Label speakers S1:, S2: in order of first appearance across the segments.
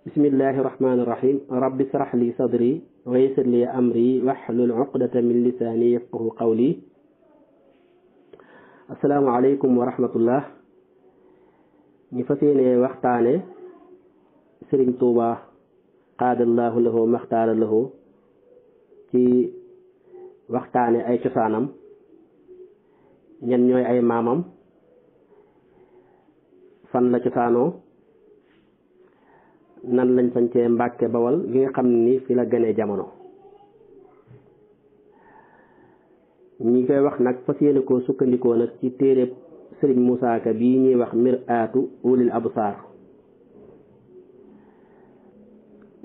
S1: bismillahi rahmaani rahim rabbi srah li sadri wa yassir li amri wahlul uqdata min lisaani yafqahu qawli asalaamaaleykum wa rahmatullah ñu fas yéene waxtaane sëriñ tuuba qaadallahu lahu maxtaara lahu ci waxtaane ay cosaanam ñan ñooy ay maamam fan la cosaanoo nan lañ sañcee Mbàkke Bawal bi nga xam ni fi la gënee jamono ñi koy wax nag fas yéene koo sukkandikoo nag ci téere sëriñ Moussa bi ñuy wax Mir'atu ulil absar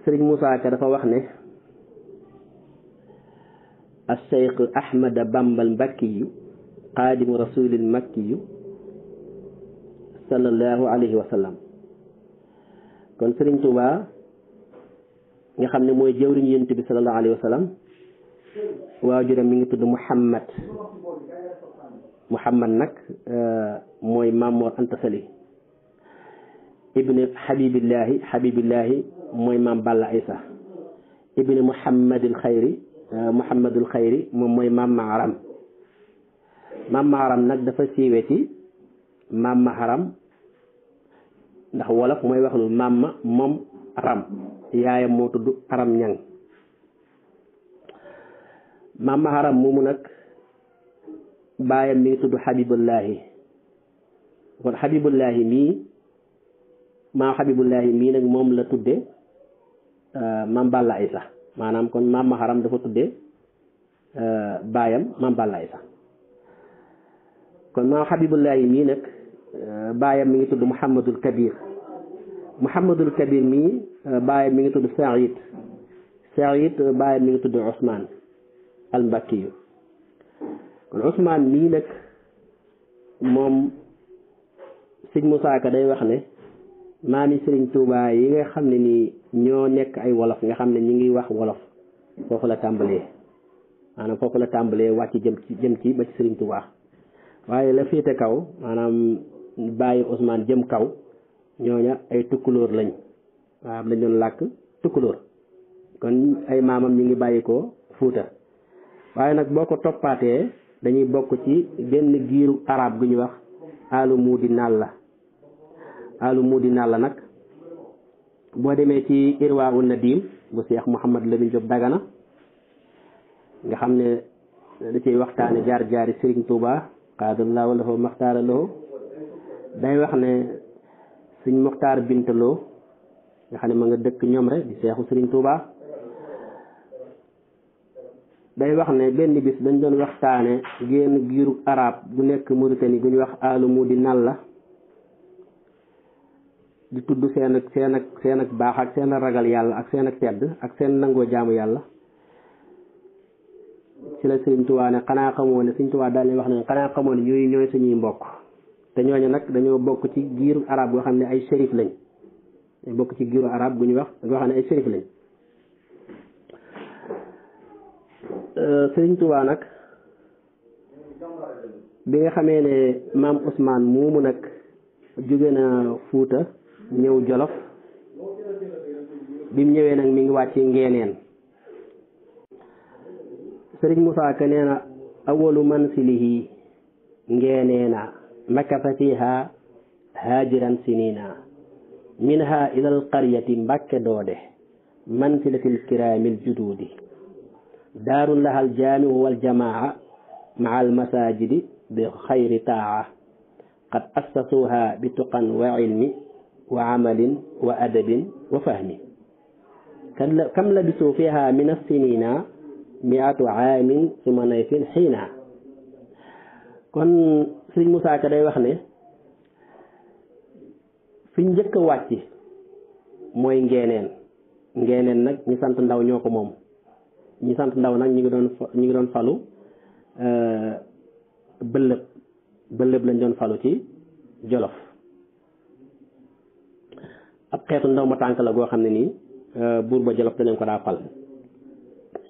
S1: sëriñ Moussa dafa wax ne acheikh ahmada bambal mbakki yu xaadimu rasulil makki yu sallallahu alayhi wa kon Serigne Touba nga xam ne mooy jëwriñ yent bi sallallahu alayhi wa sallam waajuram mi ngi tudd Muhammad Muhammad nag euh, mooy Mamor Anta Sali ibni Habibillahi mooy maam Balla Isa ibni Muhammadil Xayri euh, Muhammadul Xayri moom mooy maam Maharam maam Maharam nag dafa siiwee ci maam Maharam ndax wolof mooy wax nu maam ma moom aram yaayam moo tudd aram ñang maam ma aram moomu nag baayam mi ngi tudd xabibullaahi kon xabibullaahi mii maam xabibullaahi mii nag moom la tudde euh, maam Balla Isa maanaam kon maam ma aram dafa tudde euh, baayam maam Balla Isa kon maam xabibullaahi mii nag Euh, baayam mi ngi tudd Mouhamadul Kabir Mouhamadul Kabir mii euh, baayam mi ngi tudd Saïd Saïd euh, baayam mi ngi tudd Ousmane al Mbakkiyu kon Ousmane mii nag moom sëñ Moussa day wax ne maami Serigne Touba yi nga xam ne nii ñoo nekk ay wolof nga xam ne ñu ngi wax wolof foofu la tàmbalee maanaam foofu la tàmbalee wàcc jëm ci jëm ci ba ci Serigne Touba waaye la féete kaw maanaam bàyyi Ousmane jëm kaw ñooña ay tukkulóor lañ am lañ doon làkk tukkulóor kon ay maamam ñu ngi bàyyi ko Fuuta waaye nag boo ko toppaatee dañuy bokk ci benn giiru arab gu ñuy wax di la muudi nalla di muudi la nag boo demee ci irwa u nadim bu seex Muhammad Lamin Jóob Dagana nga xam ne da ciy waxtaane jaar jaari Sëriñ Tuuba xaadallaahu lahu maxtaara lahu day wax ne sëñ Muxtaar Bintaloo nga xam ne ma nga dëkk ñoom rek di seexu sëriñ Touba day wax ne benn bis dañ doon waxtaane génn giiru araab bu nekk Mauritanie gu ñu wax alumu di nal la di tudd seen ak seen ak seen ak baax ak seen ragal yàlla ak seen ak tedd ak seen nangoo jaamu yàlla ci la sëriñ Touba ne xanaa xamoo ne sëriñ Touba daal di wax ne xanaa xamoo ne ñooy ñooy suñuy mbokk te ñooñu nag dañoo bokk ci giiru arab goo xam ne ay shérif lañ bokk ci giiru arab bu ñuy wax goo xam ne ay shérif lañ euh, Sëriñ Tuubaa nag bi nga xamee ne maam Ousmane moomu nag jóge na Fuuta ñëw Jolof bi ñëwee nag mi ngi wàcc ngeeneen Sëriñ Musaa Ka nee na awalu man silihi ngeeneena makasa fiha haajiran sinina minha ila alqaryati mbakke doode mansilati lkiraami ljuduudi daarun laha aljaamiu waljamaa maa almasajidi bi xayri taa qad assasuha bi tuqan wa ilmi wa amalin wa adabin wa fahmi kam labisu fiha min assinina miatu aamin suma nayfin xiina kon sëriñ Moussa Ka day wax ne fiñ njëkk a wàcc mooy ngeeneen ngeeneen nag ñi sant ndaw ñoo ko moom ñi sant ndaw nag ñi ngi doon ñu ngi doon falu euh, bëllëb bëlëb lañ doon falu ci jolof ab xeetu ndaw ma tànk la goo xam ne nii euh, buur ba jolof daleen ko daa fal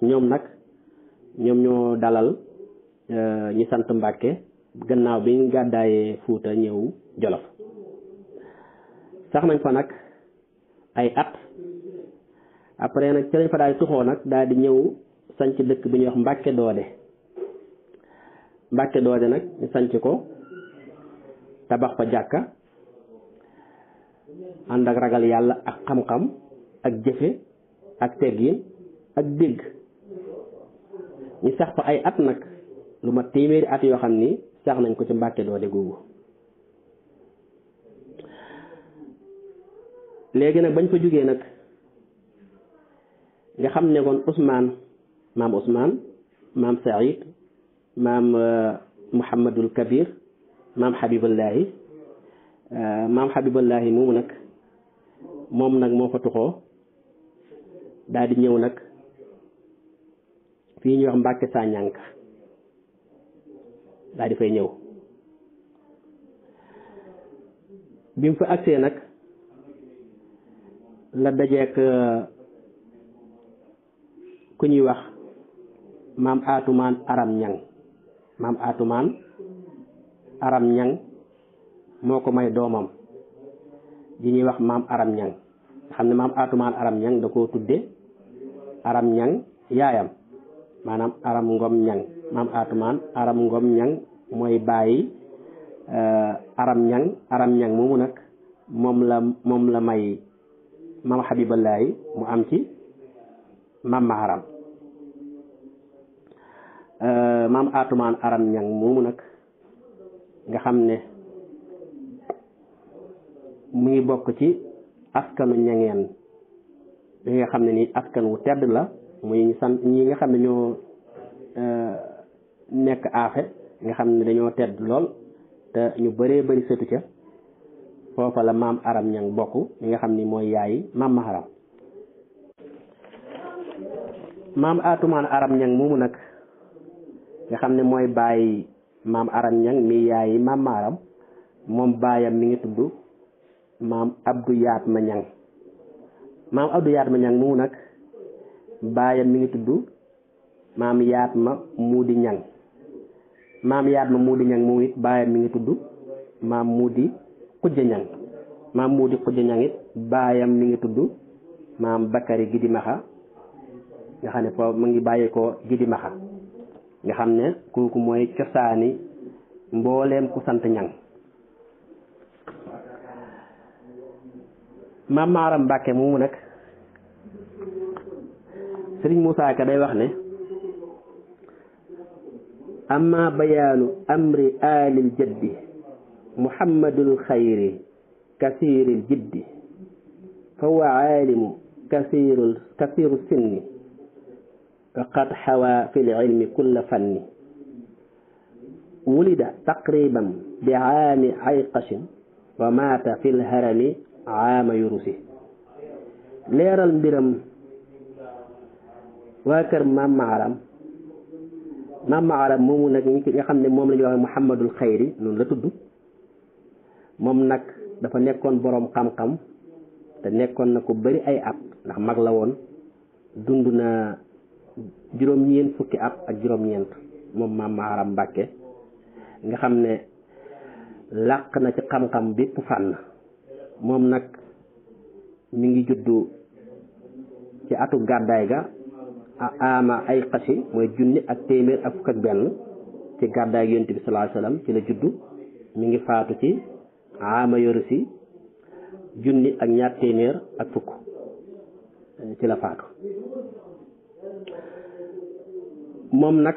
S1: ñoom nag ñoom ñoo dalal euh, ñi sant Mbàkke gannaaw bi ñu gàddaayee Fuuta ñëw Jolof sax nañ fa nag ay at après nag ci lañ fa daal tuxoo nag daal ñëw sanc dëkk bi ñuy wax Mbàkke Doode Mbàkke Doode nag ñu sanc ko tabax fa jàkka ànd ak ragal yàlla ak xam-xam ak jëfe ak teggin ak dégg ñu sax fa ay at nag lu ma téeméeri at yoo xam ni sax nañ ko ci mbàkke doole googu léegi nag bañ fa jógee nag nga xam ne kon Ousmane maam Ousmane maam Saïd maam euh, Mouhamadul Kabir maam Habibullahi euh, maam Habibullahi moomu nag moom nag moo fa tuxoo daldi ñëw nag fii ñuy wax Mbàkke Sañànka daal di fay ñëw bi mu fa agsee nag la dajeek ku ñuy wax maam atumaan aram ñang moo ko may doomam di ñuy wax maam aram ñang xam ne maam atumaan aram ñang da koo tudde aram ñang yaayam maanaam aram ngom ñang maam atumaan aram ngom ñang mooy bàyyi euh, aram ñang aram ñang moomu nag moom la may maam xabiballaayi mu am ci maam maharam euh, maam atumaan aram ñang moomu nag nga xam ne mu ngi bokk ci askanu ñangeen bi nga xam ne nii askan wu tedd la muy sant ñi nga xam ne ñoo euh, nekk aafe nga xam ne dañoo tedd lool te ñu bëree bëri sëtu ca foofa la maam aram ñang bokk mi nga xam ni mooy yaayi maam maharam maam atumaan aram ñang moomu nag nga xam ne mooy bàyyi maam aram ñang maam maharam moom baayam mi ngi tudd maam abdu yaat ma ñang maam abdu yaat ma ñang moomu nag baayam mi ngi tudd maam yaat ma muudi ñang maam yaat ma muudi ñang moom it baayam mi ngi tudd maam muudi xujja ñang maam muudi xujja ñang it baayam mi ngi tudd maam Bakary Gidi Maxa nga xam ne foofu mu ngi bàyyi ko Gidi Maxa nga xam ne kooku mooy cosaani mbooleem ku sant ñang maam Maaram Mbàkke moomu nag sëriñ Moussa Ka day wax ne amma bayaanu amri alil jaddi muhammadul xayri kasiiril jiddi fa huwa aalimu kasiirul kasiiru sinni qad xawa fi lilmi kulla fanni wulida taqriban bi aami ayqashin wa maata fi lharami aama yurusi leeral mbiram waa kër maam maaram maam maaram moomu nag ñi nga xam ne moom la ñuy wax Muhammadul Xayri noonu la tudd moom nag dafa nekkoon boroom xam-xam te nekkoon na ko bari ay at ndax mag la woon dund na juróom-ñeent fukki at ak juróom-ñeent moom maam maaram Mbàkke nga xam ne làq na ci xam-xam bépp fànn moom nag mu ngi juddu ci atu gàddaay ga ama ay xasi mooy junni ak téeméer ak fukk ak benn ci gàddaay yonent bi sallallahu alayhi ci la juddu mu ngi faatu ci ama yoru si junni ak ñaar téeméer ak fukk eh, ci la faatu moom nag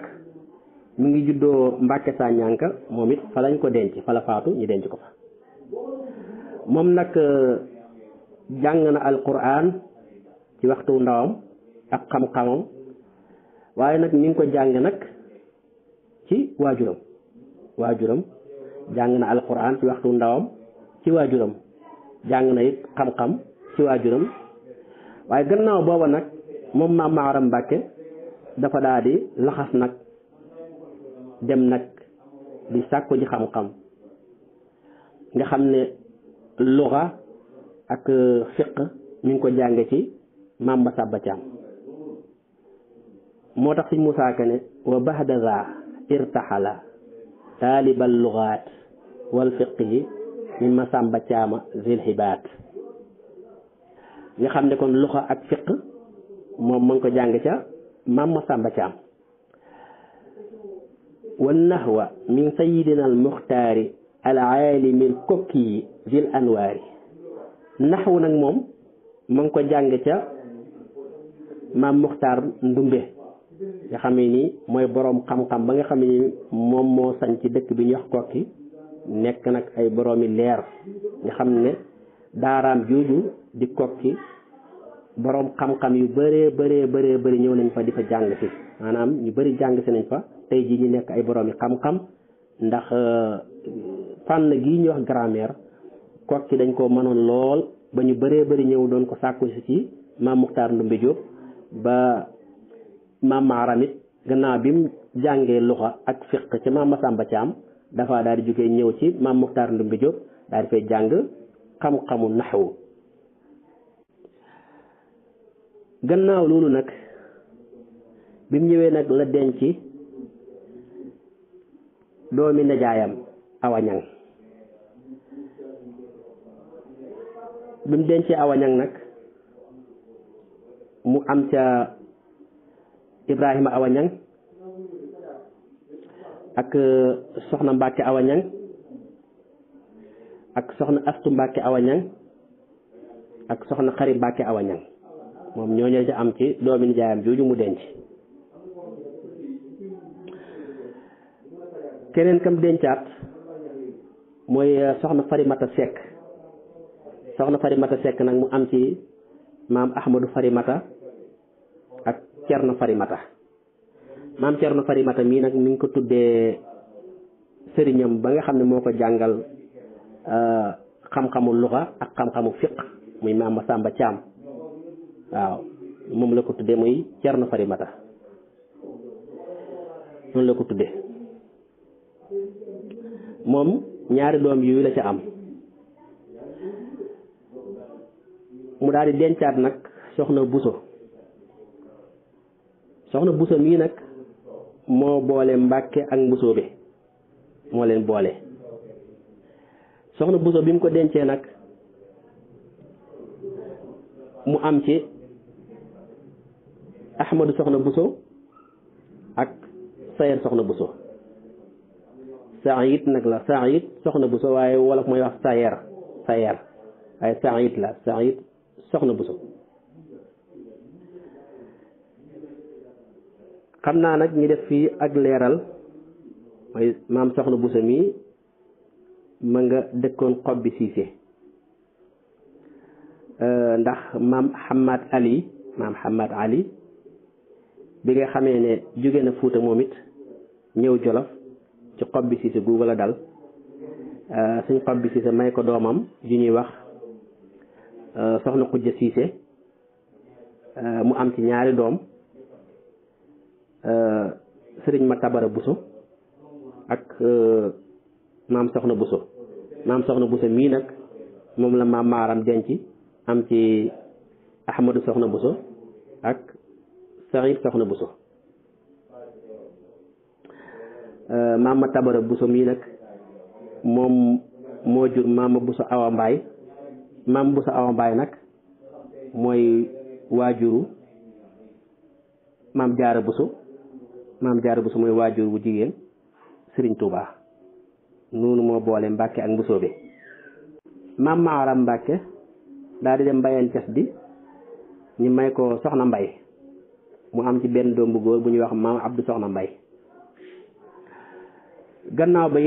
S1: mu ngi juddoo Mbàkke Sañanka moom it fa lañ ko denc fa la faatu ñu denc ko fa moom nag eh, jàng na alquran ci waxtu ndawam ak xam-xamam waaye nag mi ngi ko jànge nag ci waajuram waajuram jàng na alquran ci waxtu ndawam ci waajuram jàng na it xam-xam ci waajuram waaye gannaaw booba nag moom maam Maaram Mbàkke dafa daa laxas nag dem nag di sàkku ji xam-xam nga xam ne luga ak fiq mi ngi ko jàng ci maam Masàmba Caam moo tax suñ Moussa Ka ne wa baxda za irtaxala taalibal lugaat wal fiqhi min Masamba Caama zil hibaat nga xam ne kon luxa ak fiq moom ma ngi ko jàng ca maam Masamba Caam wa nahwa min sayidina al muxtaari al aalimi kokki zil anwaari naxwu nag moom ma ngi ko jàng ca maam muxtaar ndumbe nga xam ni mooy boroom xam-xam ba nga xam ne moom moo sañ ci dëkk bi ñu wax kokki nekk nag ay boroomi leer nga xam ne daaraam jooju di kokki boroom xam-xam yu bëree bëree bëree bari ñëw nañ fa di fa jàng si maanaam ñu bëri jàng nañ fa tey jii ñu nekk ay boroomi xam ndax euh, fànn gii ñu wax kokki dañ ko mënoon lool ba ñu bëree bëri ñëw doon ko sàkku ci maam Muxtaar Ndumbe Jóob ba maam Maaram it gannaaw bi mu jàngee luxa ak fiq ci maam Masamba Thiam dafa daal di jógee ñëw ci maam Muxtaar Ndumbi Diop di fay jàng xam-xamu naxwu gannaaw loolu nag bi mu ñëwee nag la denc doomi najaayam awañang bi mu dencee awañang nag mu am ca Ibrahima Awa Niang ak euh, soxna Mbacke Awa Niang ak soxna Astu Mbacke Awa ak soxna Xari Mbacke Awa Niang moom ñooñu ci am ci doomi nijaayam jooju mu denc keneen kam dencaat mooy euh, soxna Farimata Seck soxna Farimata Seck nag mu am ci maam Ahmadou Farimata na Cerno Farimata maam Cerno Farimata mii nag mi ngi ko tuddee sëriñam ba nga xam ne moo ko jàngal euh, xam-xamu luxa ak xam-xamu fiq muy maam Masamba Caam waaw moom la ko tuddee muy Cerno Farimata noonu la ko tuddee moom ñaari doom yooyu la ca am mu daal di dencaat nag soxna Buso soxna buso mii nag moo boole mbàkke ak mbusoobe moo leen boole soxna buso bi mu ko dencee nag mu am ci ahmadu soxna buso ak sayar soxna buso saayit nag la saayit soxna buso waaye wolof mooy wax sayer sayer waaye saayit la saayit soxna buso xam naa nag ñu def fii ak leeral mooy maam soxna Bousso mi ma nga dëkkoon xob bi siise euh, ndax maam Hamad Ali maam Hamad Ali bi nga xamee ne jóge na Fuuta moom it ñëw Jolof ci xob bi siise googu la dal euh, suñ xob bi siise may ko doomam yu ñuy wax euh, soxna Xujja siise mu am ci ñaari doom Euh, sëriñ ma Matabara Bousso ak euh, maam Soxna Bousso maam Soxna Bousso mii nag moom la maam maaram denc am ci Ahmadou Soxna Bousso ak Saïd Soxna Bousso euh, maam Matabara Bousso mii nag moom moo jur maama Bousso Awa Mbaay maam Bousso Awa Mbaay nag mooy waajuru maam Jaara Bousso maam jaara bu su mooy waajur wu jigéen sëriñ Touba noonu moo boole Mbàkke ak Mbusoobe maam Maaram Mbàkke daal di dem mbayeen cas bi ñu may ko soxna mbay mu am ci benn doom bu góor bu ñuy wax maam Abdou soxna mbay gannaaw ba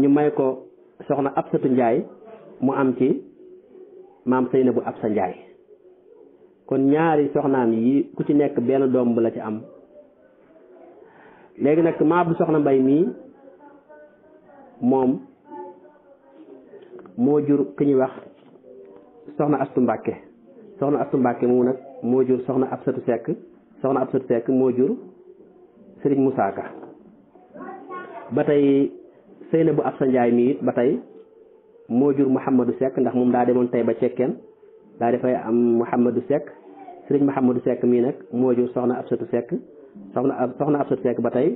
S1: ñu may ko soxna Absatu Njaay mu am ci maam Seynabu Absa Njaay kon ñaari soxnaam yi ku ci nekk benn doom bu la ci am léegi nag maa bu soxna mbay mii moom moo jur ki ñuy wax soxna astu mbàkke soxna astu mbàkke moom nag moo jur soxna ab satu sekk soxna absatu sekk moo jur sëriñ Musaa Ka ba tey sëyna bu absa njaay mii it ba tey moo jur Mouhamadou Seck ndax moom daa demoon tey ba cekkeen daa dafay am Mouhamadou Seck sëriñ Mouhamadou Seck mii nag moo jur soxna absatu sekk soxna ab soxna ab sekk ba tey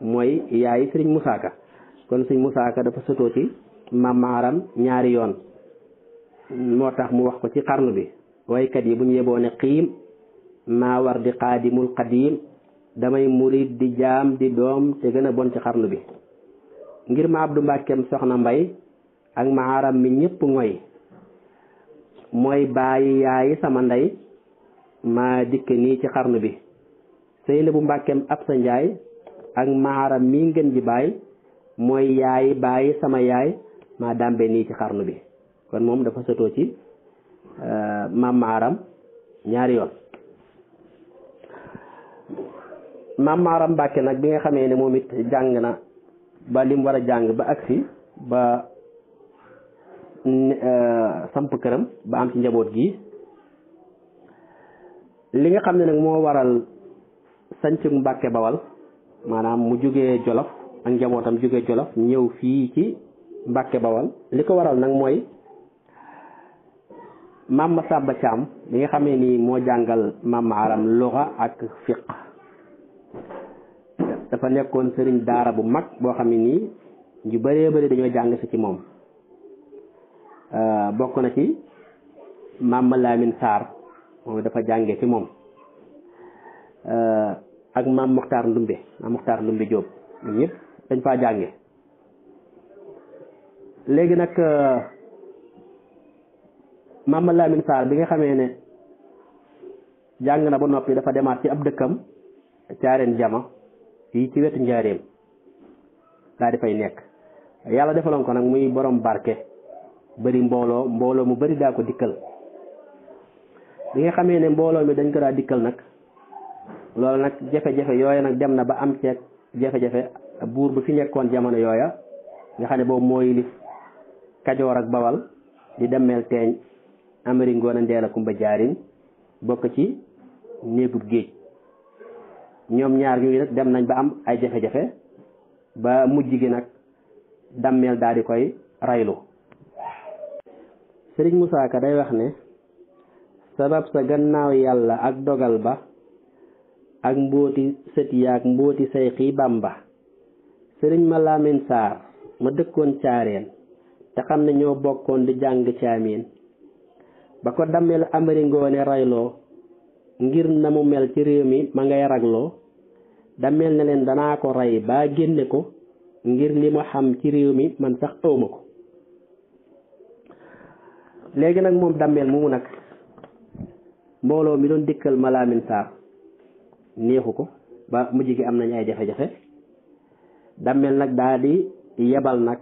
S1: mooy yaay sëriñ Moussa Ka kon sëriñ Moussa Ka dafa sëtoo ci maam Maaram ñaari yoon moo tax mu wax ko ci xarnu bi waykat yi bu ñu yeboo ne xiim maa war di xaadimul xadiim damay murid di jaam di doom te gën a bon ci xarnu bi ngir ma Abdu Mbàkkeem soxna mbay ak Maaram mi ñëpp ngoy mooy bàyyi yaayi sama ndey maa dikk nii ci xarnu bi Seynabu Mbàkkeem Absa Njaay ak Maaram mi ngeen ji baay mooy yaay baay sama yaay maa dàmbe nii ci xarnu bi kon moom dafa sotoo ci euh, maam ñaari yoon maam Maaram Mbàkke nag bi nga xamee ne moom it jàng na ba lim war a jàng ba agsi ba euh, samp këram ba am ci njaboot gi li nga xam ne nag moo waral sañc Mbàkke Bawal maanaam mu jóge Jolof ak njabootam jugee Jolof ñëw fii ci Mbàkke Bawal li ko waral nag mooy maam ma Sàmba Caam bi nga xamee ni moo jàngal maam ma Aram luxa ak fiq dafa nekkoon sëriñ daara bu mag boo xam ne nii ñu bëree bëri dañoo jàng si ci moom euh, bokk na ci maam ma Laamin Saar moom dafa jànge ci moom euh, ak maam Mokhtar Ndumbe maam Mokhtar Ndumbe Diop ñun dañ faa jànge léegi nag euh, maam Lamine Sarr bi nga xamee ne jàng na ba noppi dafa demaat ci ab dëkkam caareen jama fii ci wetu njaareem daa di nekk yàlla defaloon ko nag muy borom barke bari mbooloo mbooloo mu bari daa ko dikkal bi nga xamee ne mbooloo mi dañ ko daa dikkal nag loolu nag jafe-jafe yooya nag dem na ba am ceeg jafe-jafe buur bu fi nekkoon jamono yooya nga xam ne boobu moo yilif kajoor ak bawal di demmeel teeñ amari ngoone ndeel a kumba jaariñ bokk ci néegub géej ñoom ñaar ñuy nag dem nañ ba am ay jafe-jafe ba mujj gi nag dammeel daal di koy raylu sëriñ Moussa day wax ne sabab sa gannaaw yàlla ak dogal ba ak mbóoti sët yaak mbóoti sayxi bàmba sëriñ ma saar ma dëkkoon caareen te xam ne ñoo bokkoon di jàng caameen ba ko dammeel amari ngoone rayloo ngir na mu mel ci réew mi ma ngay ragloo dammeel ne leen danaa ko rey baa génne ko ngir li mu xam ci réew mi man sax ëwma ko léegi nag moom dammeel moomu nag mbooloo mi doon dikkal ma laamin saar neexu ko ba mujj gi am nañ ay jafe-jafe dammel nag daa di yebal nag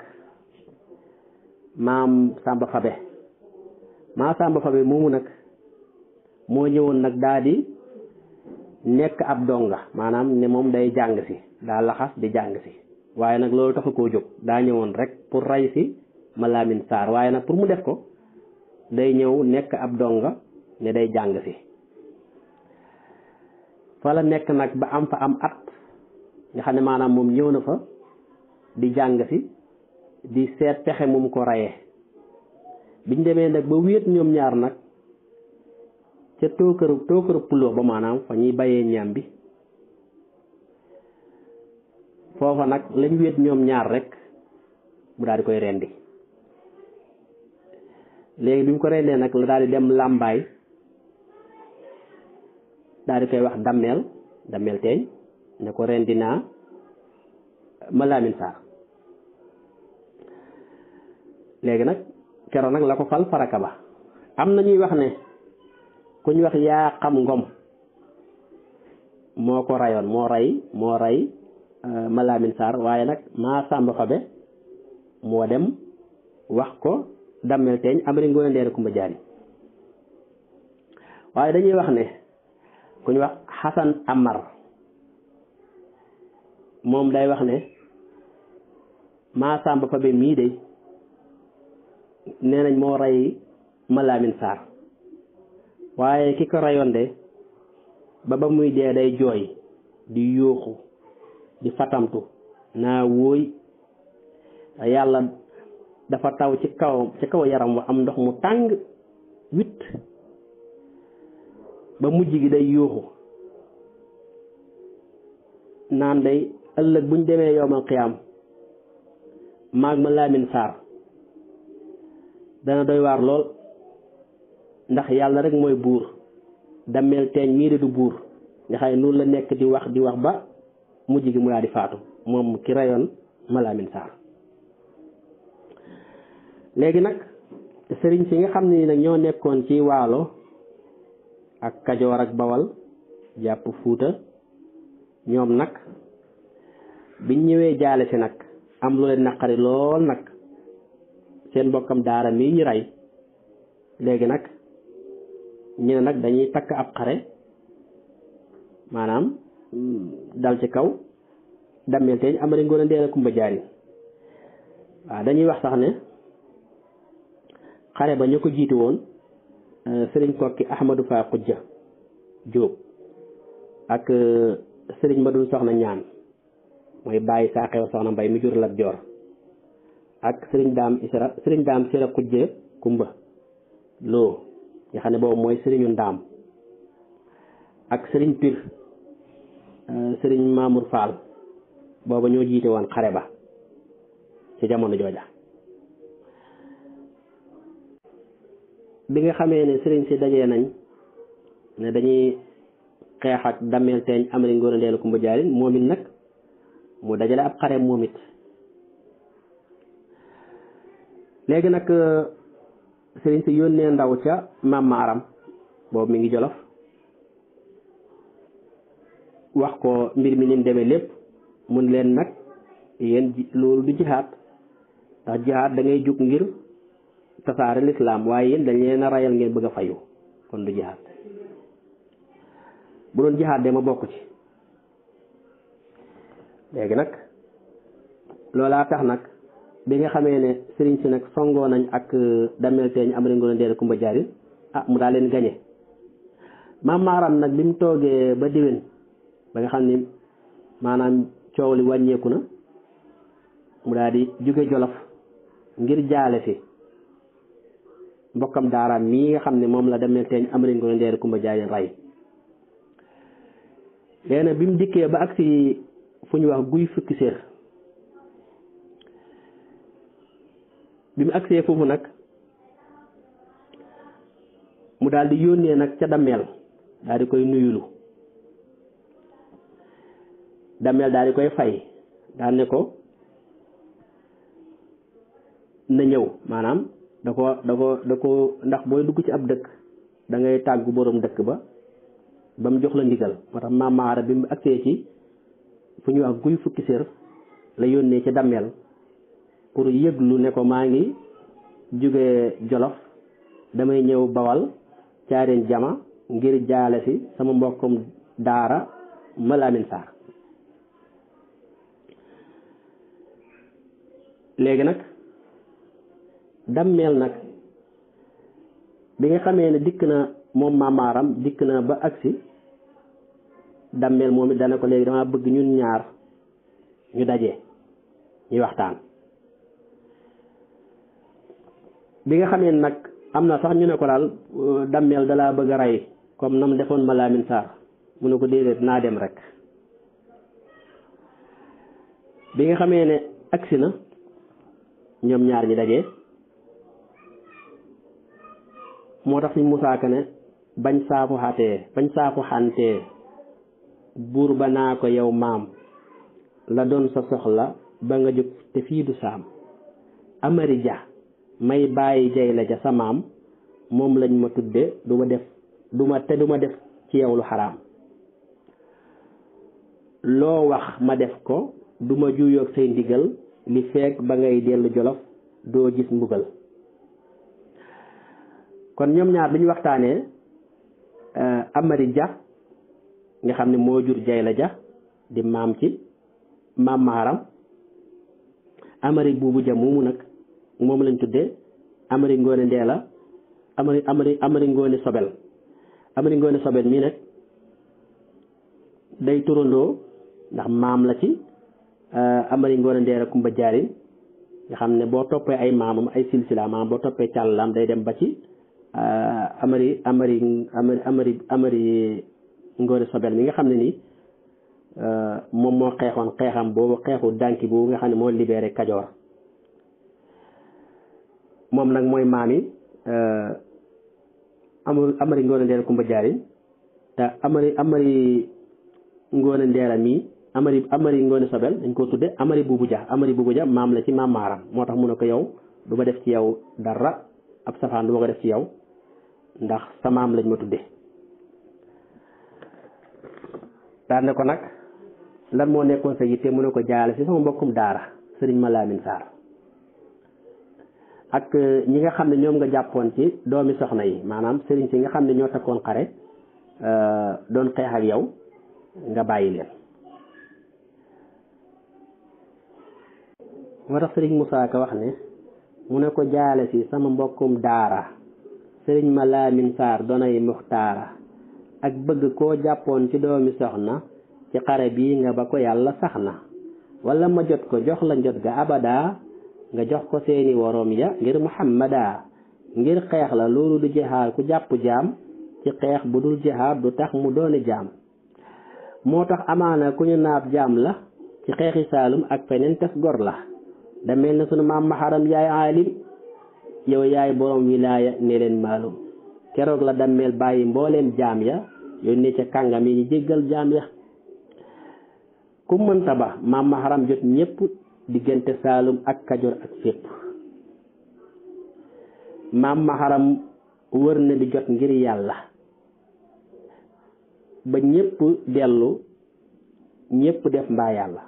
S1: maam Samba Fabe maa Samba Fabe moomu nag moo ñëwoon nag daa di nekk ab donga maanaam ne moom day jàng si daa laxas di jàng si waaye nag loolu taxu ko jóg daa ñëwoon rek pour ray si Malamine Sarr waaye nag pour mu def ko day ñëw nekk ab donga ne day jàng si fa nekk nag ba am fa am at nga xam ne maanaam moom ñëw na fa di jàng si di seet pexe mu ko rayee biñ demee nag ba wéet ñoom ñaar nag ca tookëru tookëru puloo ba maanaam fa ñuy bayee ñaam bi foofa nag lañ wéet ñoom ñaar rek mu daal di koy rendi léegi bi mu ko rendee nag la daal di dem làmbaay daal di koy wax dammeel dammeel teeñ ne ko ren dinaa ma laamin saar léegi nag keroog nag la ko fal faraka ba am na ñuy wax ne ku ñu wax yaa xam ngom moo ko rayoon moo rey moo rey euh, Malamine Sarr waaye nag maa Samba Fabe moo dem wax ko dammel teeñ am ri ngóone ndeena kumba jaari waaye dañuy wax ne ku ñu wax Xasan Amar moom day wax ne maa Samba Fabe mii de nee nañ moo rey Malamine Sarr waaye ki ko reyoon de ba ba muy dee day jooy di yuuxu di fatamtu naa wóoy yàlla dafa taw ci kaw ci kaw yaram wa am ndox mu tàng wit ba mujj gi day yuuxu naan day ëllëg buñ demee yowmal qiyaam maag ma laamin saar dana doy waar lool ndax yàlla rek mooy buur dammeel teeñ mii de buur nga xam ne noonu la nekk di wax di wax ba mujj gi mu daal di faatu moom ki rayoon ma laamin saar léegi nag sëriñ si nga xam ne nag ñoo nekkoon ci waalo ak kajoor ak bawal jàpp fuuta ñoom nag biñ ñëwee jaale si nag am lu leen naqari lool nag seen mbokkam daara mii ñu rey léegi nag ñu ne nag dañuy takk ab xare maanaam mm, dal ci kaw dammel teeñ amari ngoon a ndeen kumba jaari waaw dañuy wax sax ne xare ba ñu ko jiitu woon sëriñ kokki ahmadou fa xujja jóob ak euh, sëriñ madun soxna ñaan mooy bàyyi saa xew soxna mbay mi jur Lat Joor ak sëriñ daam isra sëriñ daam sira xujje kumba loo nga xam ne boobu mooy sëriñu ndaam ak sëriñ pir euh, sëriñ Mamour Fall booba ñoo jiite woon xare ba ci jamono jooja bi nga xamee ne sëriñ si dajee nañ ne dañuy xeex ak dammeel teeñ amari ngóor ndeelu kumba jaalin moom nag mu dajale ab xare moom it léegi nag euh, sëriñ si yónnee ndaw ca maam maaram boobu mi ngi jolof wax ko mbir mi ni mu demee lépp mun leen nag yéen loolu du jihaat ndax jihaat da ngay ngir tasaare lislaam waaye yéen dañ leen a rayal ngeen bëgg a fayu kon du jihaad bu doon jihaad de ma bokk ci léegi nag loolaa tax nag bi nga xamee ne sëriñ si nag songoo nañ ak euh, dameel teeñ am ringo na kumba jaarin ah mu daa leen gañe maam maaram nag bi mu toogee ba déwén ba nga xam ni maanaam coow li wàññeeku na mu daal di jóge jolof ngir jaale fi mbokkam daaraam mii nga xam ne moom la demee teeñ am nañ ko ndeer kumba jaay rey nee bi mu dikkee ba agsi fu ñu wax guy fukki séer bi mu agsee foofu nag mu daldi yónnee nag ca dammeel daal di koy nuyulu dammeel daal di koy fay daal ne ko na ñëw maanaam da ko da ko da ko ndax booy dugg ci ab dëkk dangay ngay tàggu boroom dëkk ba ba mu jox la ndigal moo tax maamaara bi mu agsee ci fu ñuy wax guy fukki sér la yónnee ci dammeel pour yëglu ne ko maa ngi jóge jolof damay ñëw bawal caareen jama ngir jaale si sama mbokkum daara malaamin saar léegi nag dammeel nag bi nga xamee ne dikk na moom maamaaram dikk na ba agsi dammeel moom it dana ko léegi damaa bëgg ñun ñaar ñu daje ñu waxtaan bi nga xamee ni nag am na sax ñu ne ko daal euh, dammeel dalaa bëgg a rey comme nam defoon ma laamin saar mu ne ko déedéet naa dem rek bi nga xamee ne agsi na ñoom ñaar ñu daje moo tax suñ Musaa Ka bañ saaku xatee bañ saaku xantee buur ba naa ko yow maam la doon sa soxla ba nga jóg te fii du saam amari ja may bàyyi jay la ja sa maam moom lañ ma tudde du ma def du ma te du ma def ci yow lu xaraam loo wax ma def ko du ma juyoog say ndigal li feek ba ngay dellu jolof doo gis mbugal kon ñoom ñaar bi ñu waxtaanee euh, Amari Ja nga xam ne moo jur Jayla Ja di maam ci maam Maaram Amari buubu Ja moomu nag moom lañ tuddee Amari Ngoone Ndeela Amari Amari Amari Ngoone Sobel Amari Ngoone Sobel mii nag day turandoo ndax maam la ci euh, Amari Ngoone Ndeela Kumba Jaarin nga xam ne boo toppee ay maamam ay silsilaam maam boo toppee càllaam day dem ba ci Euh, amari amari amari amari Ngor Sobel mi nga xam ne nii euh, moom moo xeexoon xeexam boobu xeexu dànki boobu nga xam ne moo libeere Kajoor moom nag mooy maami amul euh, amari Ngor Ndeela Kumba Jaari te amari amari Ngor Ndeela mii amari amari Ngor Sobel dañ koo tuddee amari Buubu Ja amari Buubu Ja maam la ci maam maaram moo tax mu ne ko yow du ma def ci yow dara ab safaan du ko def ci yow ndax samaam lañ ma tudde daane ko nag lan moo nekkoon sa yitte mu ne ko jaale si sama mbokkum daara sëriñ ma laamin saar ak euh, ñi nga xam ne ñoom nga jàppoon ci doomi soxna yi maanaam sëriñ si nga xam ne ñoo takkoon xare euh, doon xeex ak yow nga bàyyi leen moo tax sëriñ Moussa wax ne mu ne ko jaale si sama mbokkum daara sëriñ ma laamin saar donay muxtaara ak bëgg koo jàppoon ci doomi soxna ci xare bi nga ba ko yàlla sax na wala ma jot ko jox la njot ga abada nga jox ko seeni woroom ya ngir muhammada ngir xeex la loolu du jihaad ku jàpp jaam ci xeex bu dul jihaad du tax mu dooni jaam moo tax amaana ku ñu naab jaam la ci xeexi saalum ak feneen tes gor la da na sunu maam maharam yaay aalim yow yaay borom wilaaya ne leen maalum keroog la dammeel bàyyi mbooleen jaam ya yónnee ca kàngam yi ñu jéggal jaam ya ku mënta ba maam maharam jot ñépp diggante saalum ak kajoor ak fépp maam maharam wër na di jot ngir yàlla ba ñépp dellu ñépp def mbaa yàlla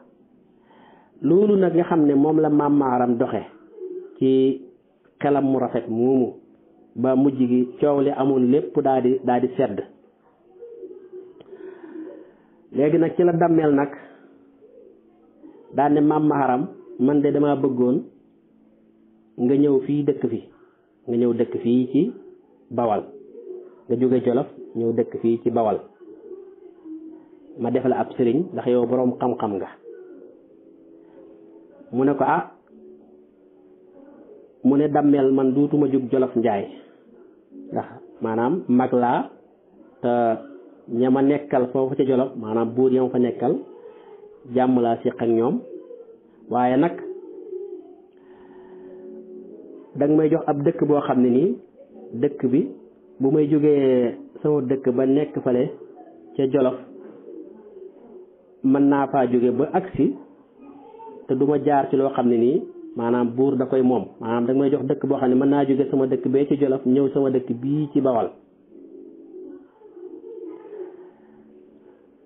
S1: loolu nag nga xam ne moom la maam maharam doxe ci xelam mu rafet moomu ba mujj gi coow li amoon lépp daa di di sedd léegi nag ci la dammeel nag daan ne maam maharam man de dama bëggoon nga ñëw fii dëkk fi nga ñëw dëkk fii ci bawal nga jóge jolof ñëw dëkk fii ci bawal ma def la ab sëriñ ndax yow boroom xam-xam nga mu ne ko ah mu ne dammel man duutuma jóg jolof njaay ndax maanaam mag laa te ña nekkal foofu ca jolof maanaam buur ya fa nekkal jàmm laa séq ak ñoom waaye nag danga may jox ab dëkk boo xam ne nii dëkk bi bu may jógee sama dëkk ba nekk fale ca jolof mën naa faa jóge ba agsi te duma jaar ci loo xam ne nii maanaam buur da koy moom maanaam da may jox dëkk boo xam ne mën naa jóge sama dëkk bee ci Jolof ñëw sama dëkk bii ci Bawal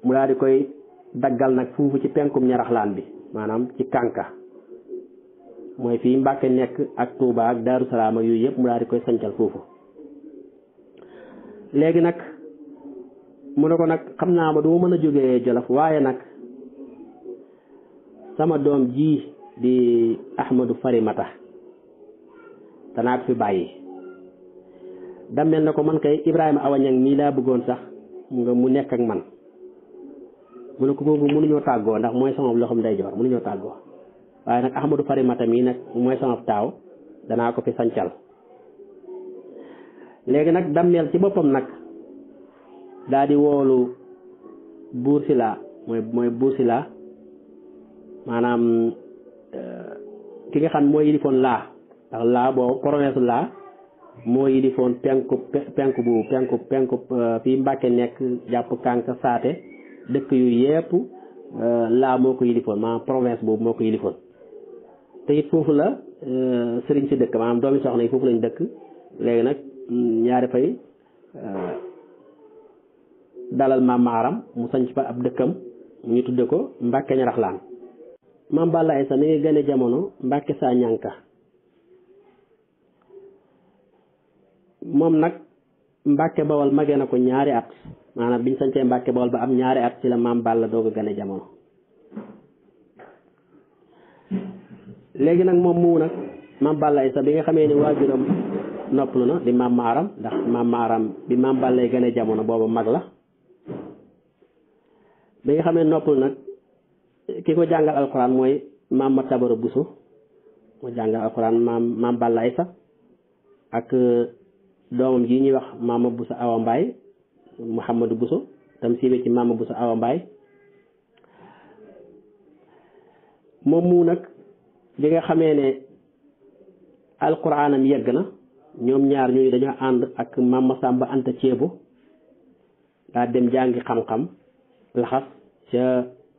S1: mu daal di koy daggal nag fuufu ci penkum ñaraxlaan bi maanaam ci kànka mooy fii Mbàkke nekk ak tuubaa ak Daaru Salaam ak yooyu yëpp mu daal di koy sancal foofu léegi nag mu ne ko nag xam naa ma du ma mën a jógee Jolof waaye nag sama doom ji di ahmadu farimata danaa ko fi bàyyi da mel na ko man kay ibrahima awañang mii laa bëggoon sax nga mu nekk ak man mu ne ko boobu mënuñoo tàggoo ndax mooy sama loxoom day joor mënuñoo tàggoo waaye nag ahmadu farimata mii nag mooy sama taaw danaa ko fi sancal léegi nag dammeel ci boppam nag daa di woolu buur si laa mooy mooy buur si laa maanaam ki nga xam moo yilifoon laa ndax laa boobu province laa moo yilifoon penku penku bu penku penku euh, fii Mbàkke nekk jàpp kànk saate dëkk yu yépp euh, laa moo ko yilifoon maanaam province boobu moo ko yilifoon te it foofu la euh, sëriñ si dëkk maanaam doomi soxna yi foofu lañ dëkk léegi nag ñaari fay dalal maam maaram mu sañc fa ab dëkkam ñu tudde ko Mbàkke ñaraxlaan maam Balla Aïssa mi ngi gane jamono Mbàkke sa ñànka moom nag Mbàkke Bawol magee na ko ñaari at maanaam biñ sancee Mbàkke Bawol ba am ñaari at ci la maam Balla doog a gane jamono léegi nag moom mu nag maam Balla Aïssa bi nga xamee ni waajuram noppalu na di maam Maaram ndax maam Maaram bi maam Balla gane jamono boobu mag la bi nga xamee noppalu nag ki ko jàngal alxuraan mooy maam ma tabara buso moo jàngal alxuraan maam maam Balla Aysa ak euh, doomam ji ñuy wax maama buso mbaay muhammadu buso tam siiwee ci maama buso awa mbaay moom mu nag bi nga xamee ne alxuraanam yegg na ñoom ñaar ñooñu dañoo ànd ak maam Masamba Anta Ceebo daa dem jàngi xam-xam laxas ca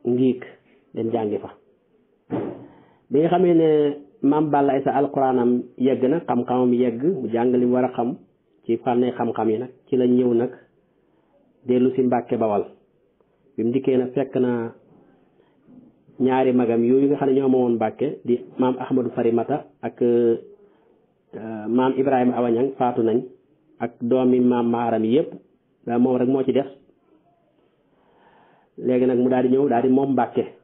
S1: ngiig dem jàngi fa bi nga xamee ne maam Balla Aïssa alquranam yegg na xam-xamam yegg mu jàng li war a xam ci fànne xam-xam yi nag ci la ñëw nag dellu si Mbàkke Bawal bi mu dikkee nag fekk na ñaari magam yooyu nga xam ne ñoo ma woon Mbàkke di maam fari Farimata ak euh, maam Ibrahima Awañang faatu nañ ak doomi maam maaram yépp daa moom rek moo ci def léegi nag mu daal di ñëw daal di moom Mbàkke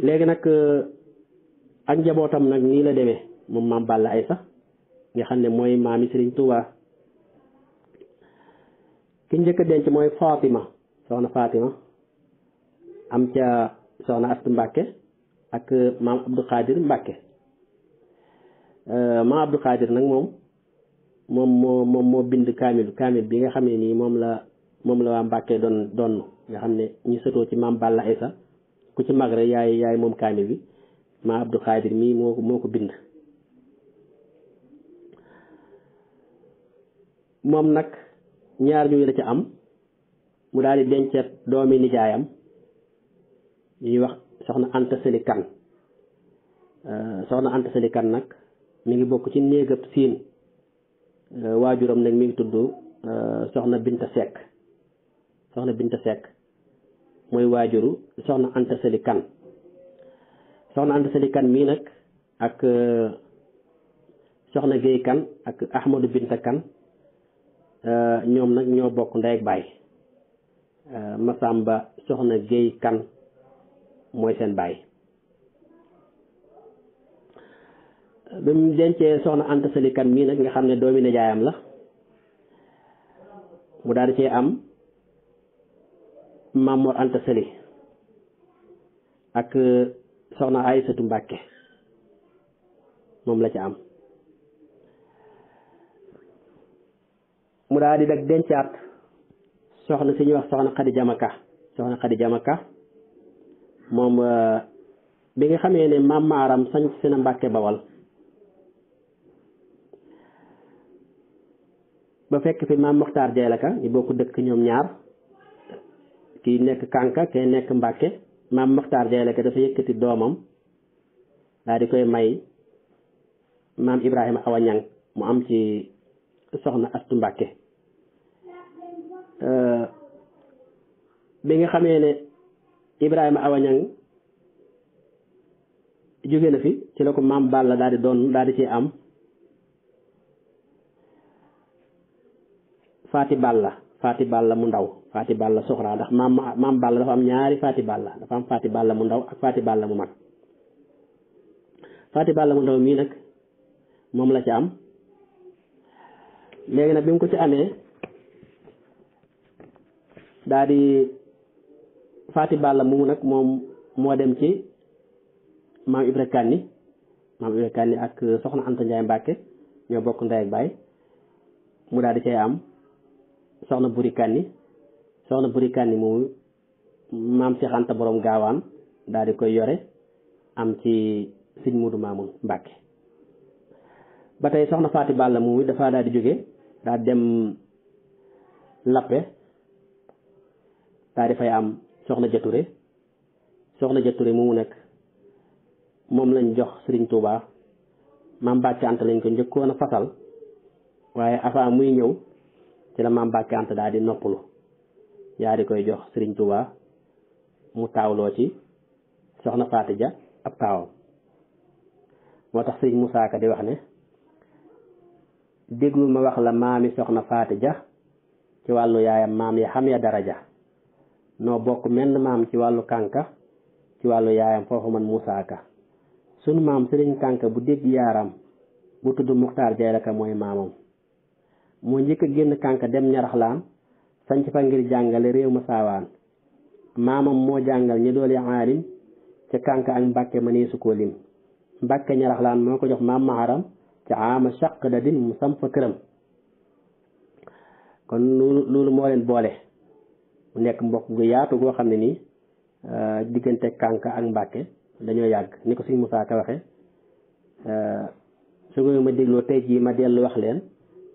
S1: léegi nag euh, ak njabootam nag nii la demee moom maam Balla ay sax nga xam ne mooy maam maami Sëriñ Tuubaa ki njëkk a denc mooy Fatima soxna Fatima am ca soxna Astu Mbàkke ak euh, maam Abdou Khadir Mbàkke euh, maam Abdou Khadir nag moom moom moo moom moo bind kaamil kaamil bi nga xam ne nii moom la moom la waa Mbàkke doon doon nga xam ne ñu sotoo ci maam Balla Aysa ku ci mag rek yaay yaay moom kaamil bi maa Abdou Khadir mii moo moo ko bind moom nag ñaar ñooñu la ci am mu daal di denceet doomi nijaayam ñuy wax soxna Anta Sali Kan euh, soxna Anta Sali Kan nag mu ngi bokk ci néegab siin euh, waajuram nag mi ngi tudd euh, soxna Binta Seck soxna Binta sekk mooy waajuru soxna Anta Sali Kan soxna Anta Sali Kan mii nag ak euh, soxna Géey Kan ak Ahmadou Binta Kan euh, ñoom nag ñoo bokk ndey ak baay euh, Masamba soxna Géey Kan mooy seen baay bi mu dencee soxna Anta Kan mii nag nga xam ne doomi nijaayam la mu daal di cee am Mamor Anta Sali ak euh, soxna Aysatu Mbàkke moom la ca am mu daal di nag dencaat soxna si ñuy wax soxna xaddi Jamaka soxna Xadi Jamaka moom euh, bi nga xamee ne maam maaram sañ si na Mbàkke Bawal ba fekk fi maam Moxtaar Jaylaka ñu bokk dëkk ñoom ñaar kii nekk kànka kee nekk mbàkke maam Maxtaar Jayleke dafa yëkkati doomam daal di koy may maam Ibrahima Awa mu am ci soxna Astu Mbàkke bi nga xamee ne Ibrahima Awa jóge na fi ci la ko maam Balla daal di doon daal di ci am Faati Balla faati balla mu ndaw faati balla soxraa ndax maam maam balla dafa am ñaari faati balla dafa am faati balla mu ndaw ak faati balla mu mag faati ndaw mii nag moom la ci am léegi nag bi mu ko ci amee daa di faati balla moomu nag moom moo dem ci maam Ibra Kanni maam Ibra Kanni ak soxna Anta Ndiaye Mbacke ñoo bokk ndey ak baay mu daal di cay am soxna buri kanni soxna buri kanni moomu maam Cheikh Anta gaawaan daal di koy yore am ci sëñ Muudu Maamun Mbàkke ba tey soxna Faati Balla moomu dafa daal di jóge daal dem lappe daal di fay am soxna jature soxna jature moomu nag moom lañ jox Sëriñ Tuubaa maam Bàcc Anta lañ ko njëkkoon a fasal waaye avant muy ñëw ci la maam Mbàkke daal di noppalu yaa di koy jox Sëriñ Tuubaa mu taawloo ci soxna Faati Ja ab taawam moo tax Sëriñ Musaa di wax ne déglul ma wax la maami soxna Faati Ja ci wàllu yaayam maam ya xam ya ja noo bokk menn maam ci wàllu kànka ci wàllu yaayam foofu man Musaa Ka sunu maam Sëriñ Kànka bu dégg yaaram bu tudd Muxtaar Jaay la ka mooy maamam moo njëkk a génn kànka dem ñaraxlaan sanc fa ngir jàngale réew ma saawaan maamam moo jàngal ñi doole aalim ca kànka ak mbàkke ma nee su koo lim mbàkke ñaraxlaan moo ko jox maam maharam ca ama shaq da mu samp fa këram kon loolu loolu moo leen boole mu nekk mbokk gu yaatu goo xam ne nii euh, diggante kànk ak mbàkke dañoo yàgg ni ko suñ Musaa Ka euh, su ko ma dégloo tey jii ma dellu wax leen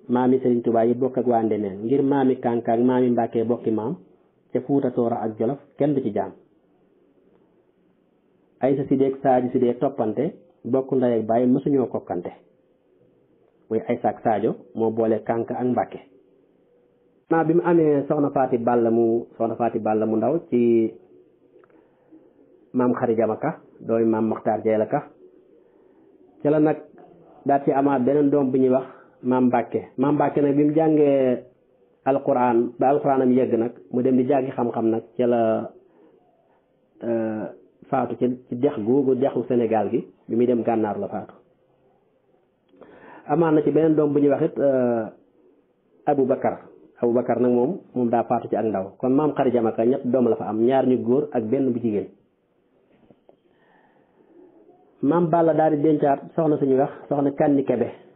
S1: maami Serigne Touba yi bokk ak waa Ndeneen ngir maami Kanka ak maami Mbacke bokki maam te Fuuta Tooro ak Jolof kenn du ci jaam Aysa Sidé ak Sadio Sidé toppante bokk ndey ak baay mësuñoo kokkante muy Aysa ak Sadio moo boole Kanka ak Mbacke. naa bi mu amee soxna Faati Balla mu soxna Faati Balla mu ndaw ci maam xarijama ka doomi maam Moxtaar Jeela ka ca la nag daal ci amaat beneen doom bu ñuy wax. maam Mbàkke maam Mbàkke nag bi mu jàngee alquran ba alquran am yegg nag mu dem di jàngi xam-xam nag ca la euh, faatu ci ci dex googu dexu senegaal gi bi muy dem gànnaar la faatu amaan na ci beneen doom bu ñuy wax it euh, Abu Bakar Abu Bakar nag moom moom daa faatu ci ak ndaw kon maam Xari Jamaka ñett doom la fa am ñaar ñu góor ak benn bu jigéen maam Balla daal di dencaat soxna suñuy wax soxna Kanni Kebe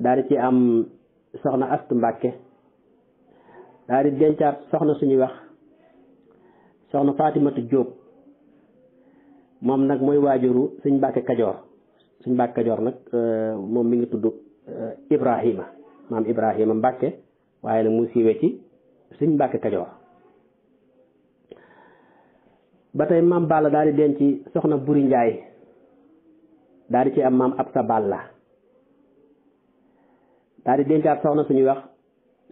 S1: daal ci am soxna astu mbàkke daal di dencaat soxna suñuy wax soxna faatimatu jóob moom nag mooy waajuru suñ mbàkke kajoor suñ mbàkke kajoor nag euh, moom mi ngi tudd euh, ibrahima maam ibrahima mbàkke waaye nag mu siiwee ci suñ mbàkke kajoor ba tey maam balla daal di denc soxna buri njaay daal ci am maam ab sa balla daal di dencaat soxna suñuy wax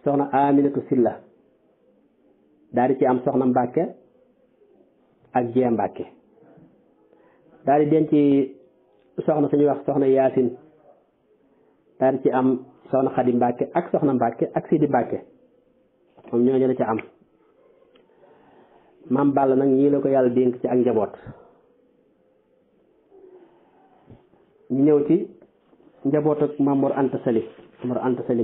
S1: soxna Aminatu Silla daal di ci am soxna Mbàkke ak Jee Mbàkke daal di denc soxna suñuy wax soxna Yaasin daal ci am soxna Xadi Mbàkke ak soxna Mbàkke ak Sidi Mbàkke moom ñooñu ci am maam Balla nag ñii la ko yàlla dénk ci ak njaboot ñu ñëw ci njaboot ak Maam Mor Anta Mor Anta Sali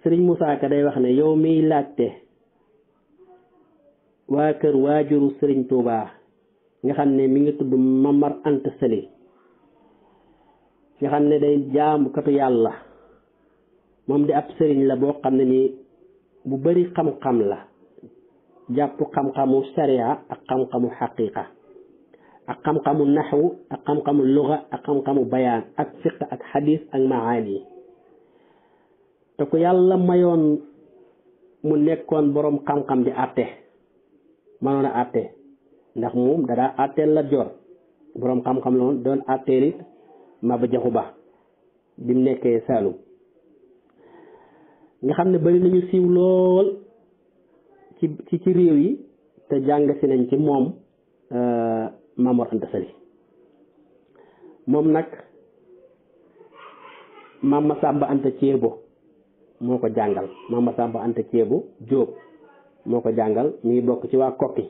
S1: Sëriñ Moussa Ka day wax ne yow miy laajte waa kër waajuru Sëriñ tuuba nga xam ne mi ngi tudd Mamar Anta Sali nga xam ne day jaamukatu yàlla moom di ab sëriñ la boo xam ne nii bu bari xam-xam la jàpp xam-xamu sariya ak xam-xamu xaqiiqa ak xam-xamu naxwu ak xam-xamu luga ak xam-xamu bayaan ak fiq ak xadis ak maani te ku yàlla mayoon mu nekkoon boroom xam-xam di àtte manoon a àtte ndax moom dadaa àtteel la jor boroom xam-xam la woon doon àtteel it Maba Jaxu Ba bi mu nekkee Saalum nga xam ne bari nañu siiw lool ci ci réew yi te jàng nañ ci moom euh, Mamor Anta moom nag Mama Samba Anta moo ko jàngal Mama Samba Anta Ceebo moo ko jàngal mi bokk ci waa Kokki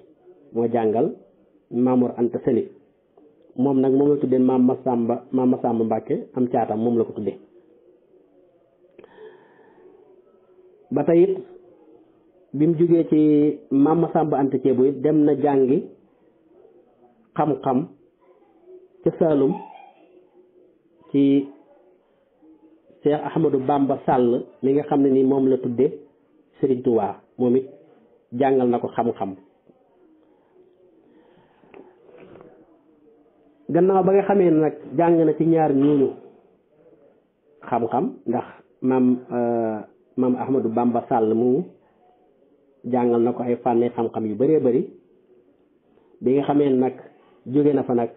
S1: moo jàngal Mamor Anta moom nag moom la tuddee Mama Samba Mama Samba Mbàkke am caatam moom la ko tuddee ba tey bi mu jógee ci Mama Samba Anta Ceebo it dem na jàngi xam-xam ca Saalum ci Cheikh Ahmadou Bamba Sall mi nga xam ne nii moom la tudde Serigne Touba moom it jàngal na ko xam-xam gannaaw ba nga xamee nag jàng na ci ñaar ñooñu xam-xam ndax maam euh, maam Ahmadou Bamba Sall moomu jàngal na ko ay fànne xam-xam yu baree bari bi nga xamee nag jóge na fa nag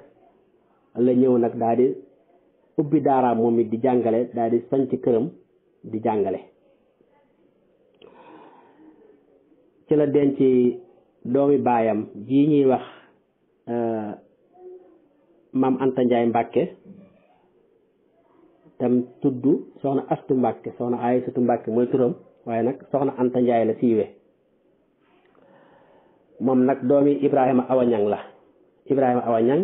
S1: la ñëw nag daal di ubbi daaraam moom it di jàngale daal di sanc këram di jàngale ci la denc doomi baayam jii ñuy wax euh, maam Anta Ndiaye Mbàkke tam tudd soxna Astu Mbàkke soxna Aysatu Mbàkke mooy turam waaye nag soxna Anta Ndiaye la siiwe moom nag doomi Ibrahima Awañang la Ibrahima Awa Niang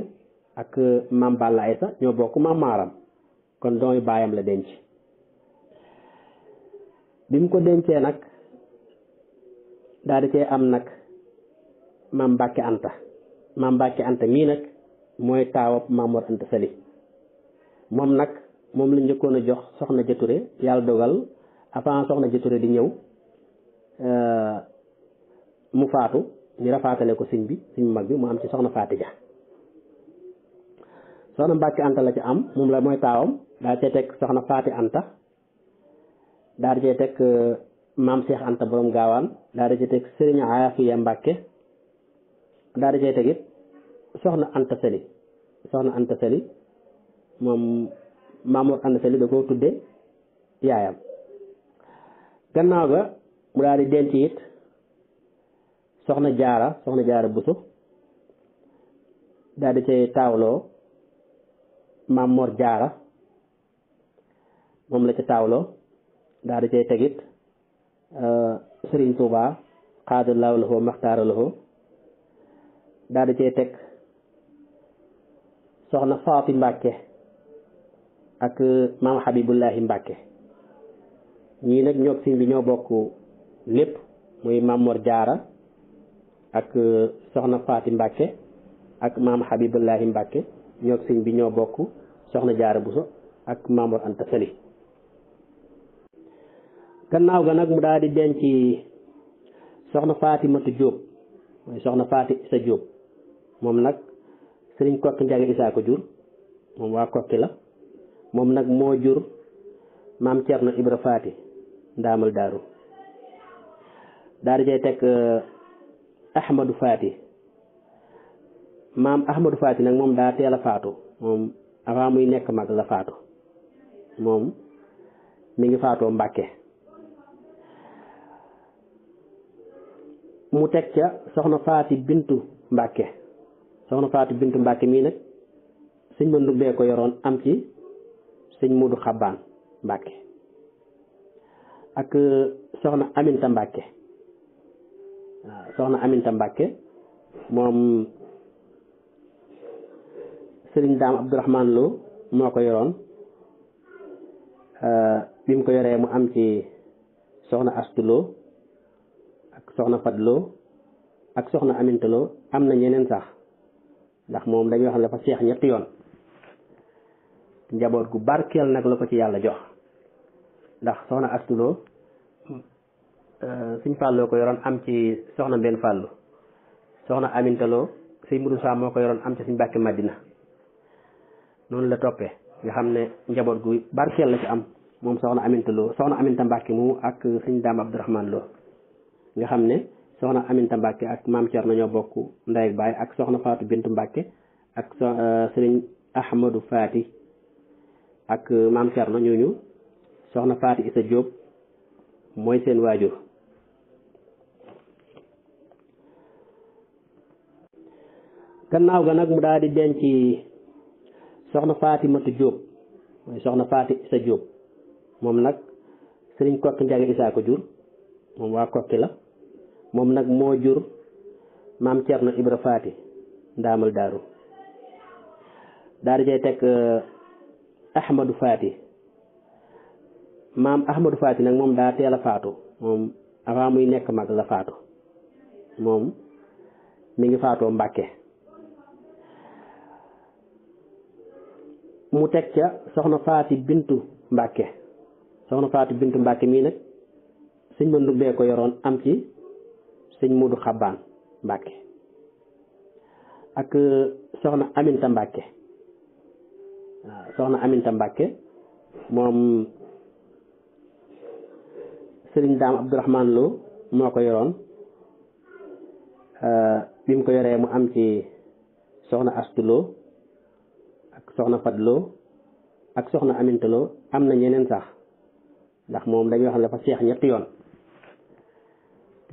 S1: ak euh, maam Balla Aysa ñoo bokk maam maaram kon doomi baayam la denc bi mu ko dencee nag daal di am nag maam Mbàkke Anta maam Mbàkke Anta mii nag mooy taawab maam Mor Anta Sali moom nag moom la njëkkoon a jox soxna Jature yàlla dogal avant soxna Jature di ñëw euh, mu faatu ñu rafaatale ko sëñ bi sëñ mag bi mu am ci soxna Faati Ja soxna Mbàkke Anta la ci am moom la mooy taawam daal cee teg soxna Faati Anta daal cee teg euh, maam Cheikh Anta borom gaawaan daal cee teg Sëriñ Aafiya daal cee teg soxna Anta Sali soxna Anta Sali moom Maamoor Anta Sali da koo tudde yaayam gannaaw ga mu daal di denc it soxna jaara soxna jaara buso daal di cay taawloo maam Mor jaara moom la ca taawloo daal di cay tegit uh, Sëriñ Tuubaa xaadu la maxtaara la xoo daal di cay teg soxna Faati Mbàkke ak maam Xabibullaahi Mbàkke ñii nag ñoog siñ bi ñoo bokk lépp muy maam Mor jaara ak euh, soxna Faati Mbàkke ak maam Habibullahi Mbàkke ñoo sëñ bi ñoo bokk soxna Jaara Buso ak Maamor Anta Sali gannaaw ga nag mu daal di denc soxna Faati Matu Jóob soxna Faati Isa moom nag sëriñ kokki njaga isaa ko jur moom waa kokki la moom nag moo jur maam Cerno Ibra Faati ndaamal daaru daal di teg euh, Ahmadou Faty maam Ahmadou Faty nag moom daa teel a faatu moom avant muy nekk mag la faatu moom mi ngi faatoo Mbàkke mu teg ca soxna Faty Bintu Mbàkke soxna Faty Bintu Mbàkke mii nag sëñ ma ndubbee ko yoroon am ci sëñ Moodu Xabaan Mbàkke ak euh, soxna Aminta Mbàkke waaw soxna Aminta Mbàkke moom sëriñ daam Abdourahman moo ko yoroon euh, bi mu ko yoree mu am ci soxna Astu Lo ak soxna Fat ak soxna Aminta am na ñeneen sax ndax moom dañoo xam ne dafa seex ñetti yoon njaboot gu barkeel nag la ko ci yàlla jox ndax soxna Astu Euh, suñ fàlloo ko yoroon am ci soxna mbenn fàllu soxna amintaloo suñ mudu saa moo ko yoroon am ci suñ bàkki noonu la toppee nga xam ne njaboot gu barkeel la ci am moom soxna aminta loo soxna aminta mu ak suñ daam abdourahman loo nga xam ne soxna aminta mbàkke ak maam Cerno ñoo bokk ndey ak ak soxna faatu bintu ak so euh, sëriñ ahmadou faati ak maam Cerno ñooñu soxna faati mooy seen waajur gannaaw ga nag mu daal di denc soxna Fatimatu Jóob soxna Faati Isa Jóob moom nag sëriñ kokki njaga isaa jur moom waa kokki la moom nag moo jur maam Cerno Ibra Faati ndaamal daaru daal di cay teg euh, Ahmadu Faati maam Ahmadu Faati nag moom daa teel faatu moom avant muy nekk mag la faatu moom mi ngi faatoo Mbàkke mu teg ca soxna faati bintu mbàkke soxna faati bintu mbàkke mii nag sëñ ma ndubbee ko yoroon am ci sëñ mudu xabbaan mbàkke ak euh, soxna aminta mbàkke soxna aminta mbàkke moom sëriñ daam abdurahmaan moo ko yoroon euh, bi mu ko yoree mu am ci soxna astuloo ak soxna Fadlo ak soxna Amintaloo am na ñeneen sax ndax moom dañoo xam ne dafa seex ñetti yoon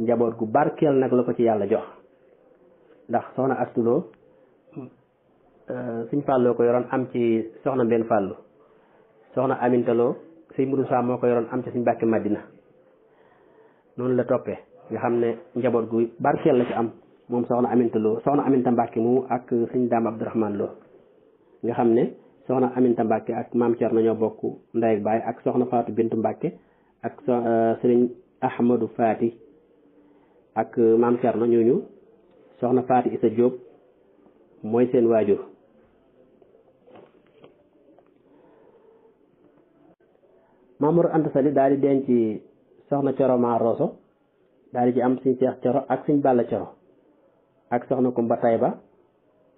S1: njaboot gu barkeel nag la ko ci yàlla jox ndax soxna Astuloo euh, suñ fàlloo ko yoroon am ci soxna mbenn fàllu soxna amintaloo suñ mudu saa moo ko yoroon am ci suñ bàkki madina noonu la toppee nga xam ne njaboot gu barkeel la ci am moom soxna amintaloo soxna aminta mbàkki mu ak suñ daam abdurahmaan loo nga xam ne soxna Aminta Mbacke ak maam Thierno ñoo bokk ndey ak baay ak soxna Fatou Bintu Mbacke ak so euh, sëriñ Ahmadou Fati ak euh, maam Thierno soxna Fatou Issa Diop mooy seen waajur. Mamour Anta Sali daal di denc soxna Coro Ma Roso daal ci am suñ Seex Coro ak suñ Balla Coro ak soxna Kumba ba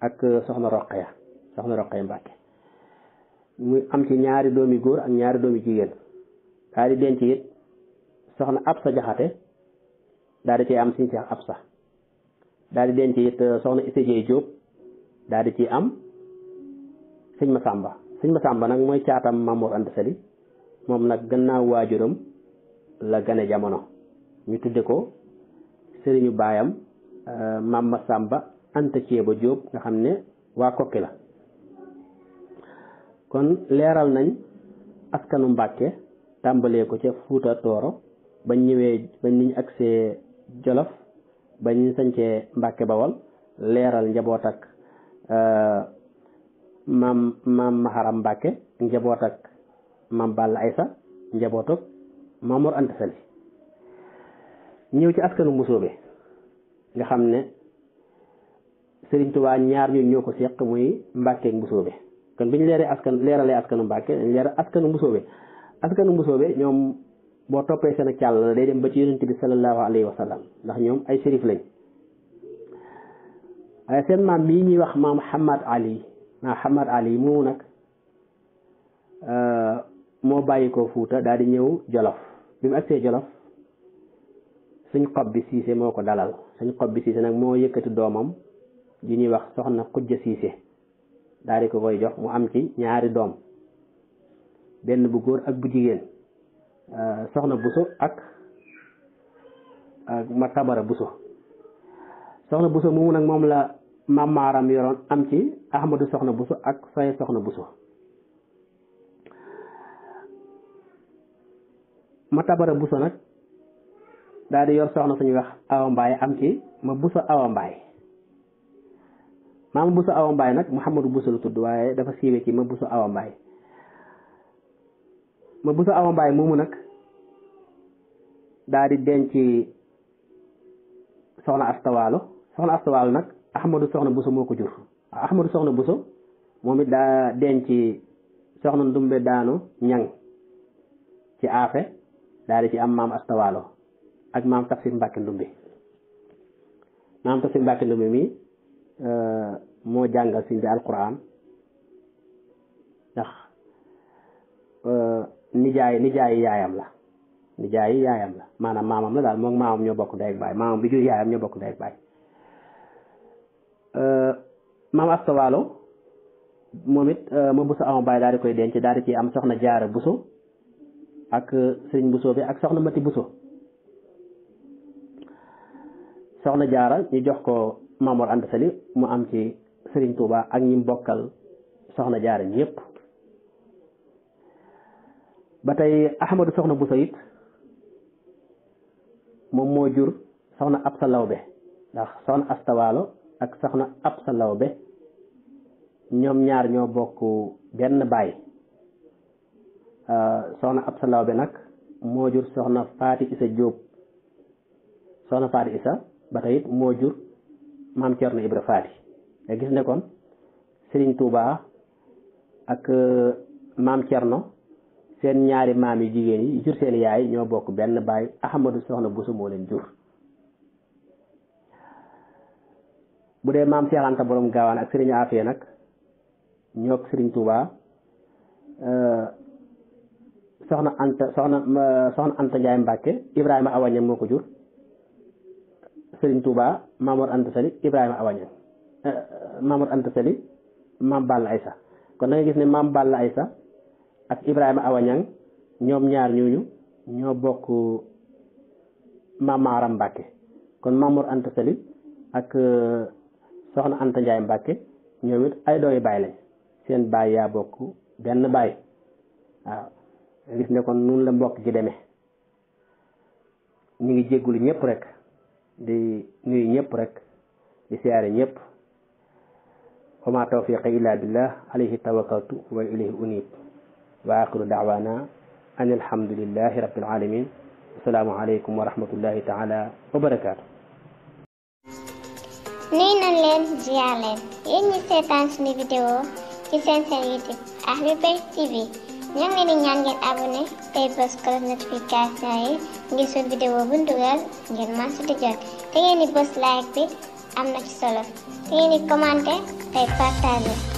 S1: ak euh, soxna Roqaya soxna Roqaya Mbàkke muy am ci ñaari yi góor ak ñaari doomi jigéen daal di denc it soxna Absa Jaxate daal di cee am siñ seex Absa daal di denc it euh, soxna Isa Jeey Jóob daal di ciy am sëñ Masàmba sëñ Masàmba nag mooy caatam Mamoor Anta Sali moom nag gannaaw waajuram la gane jamono ñu tudde ko sëriñu baayam euh, Maam Masàmba Anta Ceeba Jóob nga xam ne waa Kokki la kon leeral nañ askanu Mbàkke tàmbalee ko ca Fuuta Tooro bañ ñëwee bañ niñ agsee Jolof bañ sañcee Mbàkke Bawol leeral njaboot ak euh, maam maam Maharam Mbàkke njaboot ak maam Balla Aysa njaboot ak Maamoor Anta Sali ñëw ci askanu bi nga xam ne Sëriñ ñaar ñu ñëw ko seq muy Mbàkke ak bi kon bi ñu leeree askan leeralee askanu Mbàkke dañ leeral askanu Mbusoobe askanu Mbusoobe ñoom boo toppee seen ak càll la day dem ba ci yonent bi sallallahu alayhi wa sallam ndax ñoom ay sérif lañ waaye seen maam mii ñuy wax maam Hamad Ali maam Hamad Ali moomu nag euh, moo bàyyi ko Fuuta daal di ñëw Jolof bi mu agsee Jolof suñ xob bi siise moo ko dalal suñ xob bi siise nag moo yëkkati doomam ji ñuy wax soxna Xujja Siise daal di ko koy jox mu am ci ñaari doom benn bu góor ak bu jigéen euh, soxna buso ak ma tabara buso soxna buso moomu nag moom la mamaaram yoroon am ci ahmadu soxna buso ak soye soxna buso ma tabara buso nag daal di yor soxna suñuy wax awa mbaay am ci ma buso awa mbaay maama Bousso Awa Mbaye nag Mouhamadou Bousso la tudd waaye dafa siiwee ci ma Bousso Awa ma Bousso Awa Mbaye moomu nag daa di denc soxna Astawaalo soxna Astawaalo nag Ahmadou soxna Bousso moo ko jur Ahmadou moom it daa denc soxna Ndumbe Daanu Ñang ci aafe daa di ci am maam Astawaalo ak maam Tafsir Mbàkke Ndumbe maam Tafsir Mbàkke Ndumbe mi Euh, moo jàngal sëñ bi alquran ndax euh, nijaay nijaay yaayam la nijaay yaayam la maanaam maamam la daal moom maamam ñoo bokk ndey ak baay maamam bi jur euh, maam Asta moom it ma buso ama baay daal koy denc daal di ci am soxna jaara buso ak sëriñ buso bi ak soxna mati buso soxna jaara ñu jox ko Mamor Anta Sali mu am ci Serigne Touba ak ñim bokkal soxna jaara ñëpp ba tey Ahmadou soxna Bousso it moom moo jur soxna ab Absa Lawbe ndax soxna Astawaalo ak soxna Absa Lawbe ñoom ñaar ñoo bokk benn baay euh, soxna Absa Lawbe nag moo jur soxna Faati Isa Jóob soxna Faati Isa ba tey it moo jur maam Thierno Ibra Faty nga gis ne kon Serigne tuubaa ak euh, maam Thierno seen ñaari maam yu jigéen yi jur seen yaay ñoo bokk benn baay Ahmadou Soxna Bousso moo leen jur. bu dee maam Cheikh Anta borom gaawaan ak Serigne Afia nag ñoo Serigne Touba euh, soxna Anta soxna euh, soxna Anta Ndiaye Mbacke Ibrahima Awaña moo ko jur. Serigne Touba Mamor Anta Sali Ibrahima Awaña eh, eh, Mamor Anta Sali Maam Balla Aysa kon da gis ne Maam Balla Aysa ak Ibrahima Awañang ñoom ñaar ñooñu ñoo bokk Maam Maaram Mbàkke kon Mamor Anta Sali ak eh, Soxna Anta Njaay Mbàkke ñoom it ay doomi baay lañ seen baay yaa bokk benn baay waaw gis ne kon nun la mbokk ci demee ñu ngi jéggulu ñëpp rek di nuyu ñëpp rek di siyaare ñëpp wa ma illa billah alayhi tawakkaltu wa ilayhi unib wa axiru daawana an alhamdulillahi rabbil alamin asalaamu aleykum wa taala wa
S2: ñoo ngi leen di ñaan ngeen abonné tey bës cloche notification yi ngir seen vidéo bu ngeen mën si te ngeen di bës like bi am na ci solo te ngeen di commenté tey partagé.